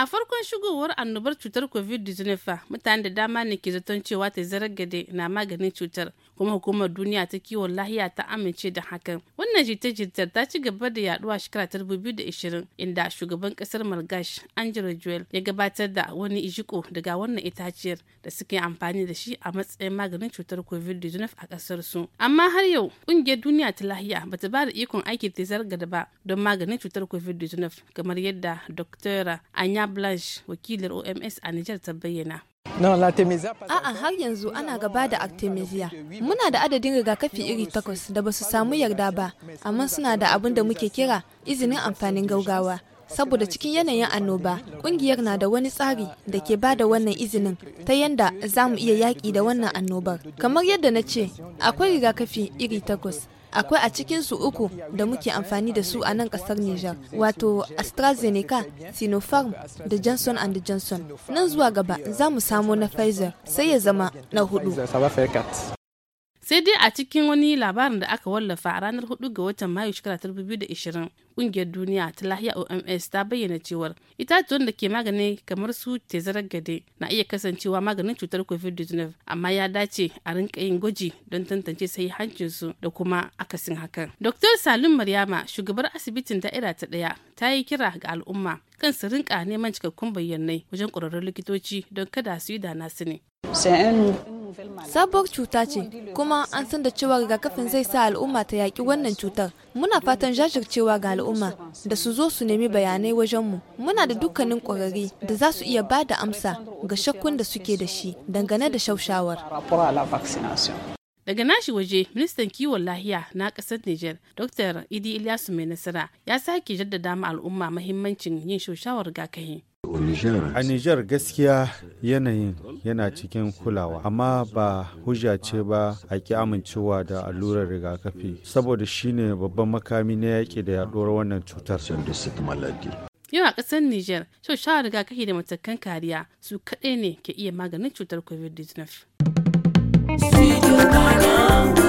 A farkon shigowar annobar cutar COVID-19 mutane da dama ne ke zaton cewa ta gade na maganin cutar kuma hukumar duniya ta kiwon lahiya ta amince da hakan. Wannan jita-jitar ta ci gaba da yaduwa shekara ta 2020 inda shugaban kasar Malgash Angelo Joel ya gabatar da wani ijiko daga wannan itaciyar da suke amfani da shi a matsayin maganin cutar COVID-19 a kasar su. Amma har yau kungiyar duniya ta lahiya bata ba da ikon aiki ta zargada ba don maganin cutar COVID-19 kamar yadda doktora Anya blanche wakilar OMS a Nijar ta bayyana. A'a har yanzu ana gaba da Artemisia. Muna da adadin rigakafi iri takwas da ba su samu yarda ba, amma suna da abin da muke kira izinin amfanin gaugawa. Saboda cikin yanayin annoba, kungiyar na da wani tsari da ke ba da wannan izinin ta yadda za mu iya yaƙi da wannan annobar. Kamar yadda na ce, akwai rigakafi iri takwas, akwai a cikin su uku da muke amfani da su a nan kasar Nijar, wato AstraZeneca, Sinopharm da Johnson and Johnson. Nan zuwa gaba za mu samo na Pfizer sai ya zama na hudu. sai dai a cikin wani labarin da aka wallafa a ranar 4 ga watan mayu shekara 2020 kungiyar duniya ta lahiya oms ta bayyana cewar itatuwan da ke magani kamar su tezarar gade na iya kasancewa maganin cutar covid-19 amma ya dace a rinka yin gwaji don tantance sai hancinsu da kuma akasin hakan dr salim maryama shugabar asibitin da'ira ta daya ta yi kira ga al'umma kan su rinka neman cikakkun bayyanai wajen ƙwararrun likitoci don kada su yi dana su ne sabuwar cuta ce kuma an san da cewa rigakafin zai sa al'umma ta yaƙi wannan cutar muna fatan jajircewa ga al'umma da su zo su nemi bayanai wajenmu muna da dukkanin ƙwararri da za su iya ba da amsa ga shakkun da suke da shi dangane da shaushawar daga nashi waje ministan kiwon lahiya na kasar niger dr idi ilyasu mai nasara ya sake jaddada ma al'umma mahimmancin yin shaushawar rigakafi Nijar? A Nijar gaskiya yanayin yana cikin kulawa, amma ba hujja ce ba a ki amincewa da allurar rigakafi, saboda shine babban makami na yaƙi da yaɗuwar wannan cutar. Yau a ƙasar Nijar, shan sha rigakafi da matakan kariya su kaɗai ne ke iya maganin cutar COVID-19.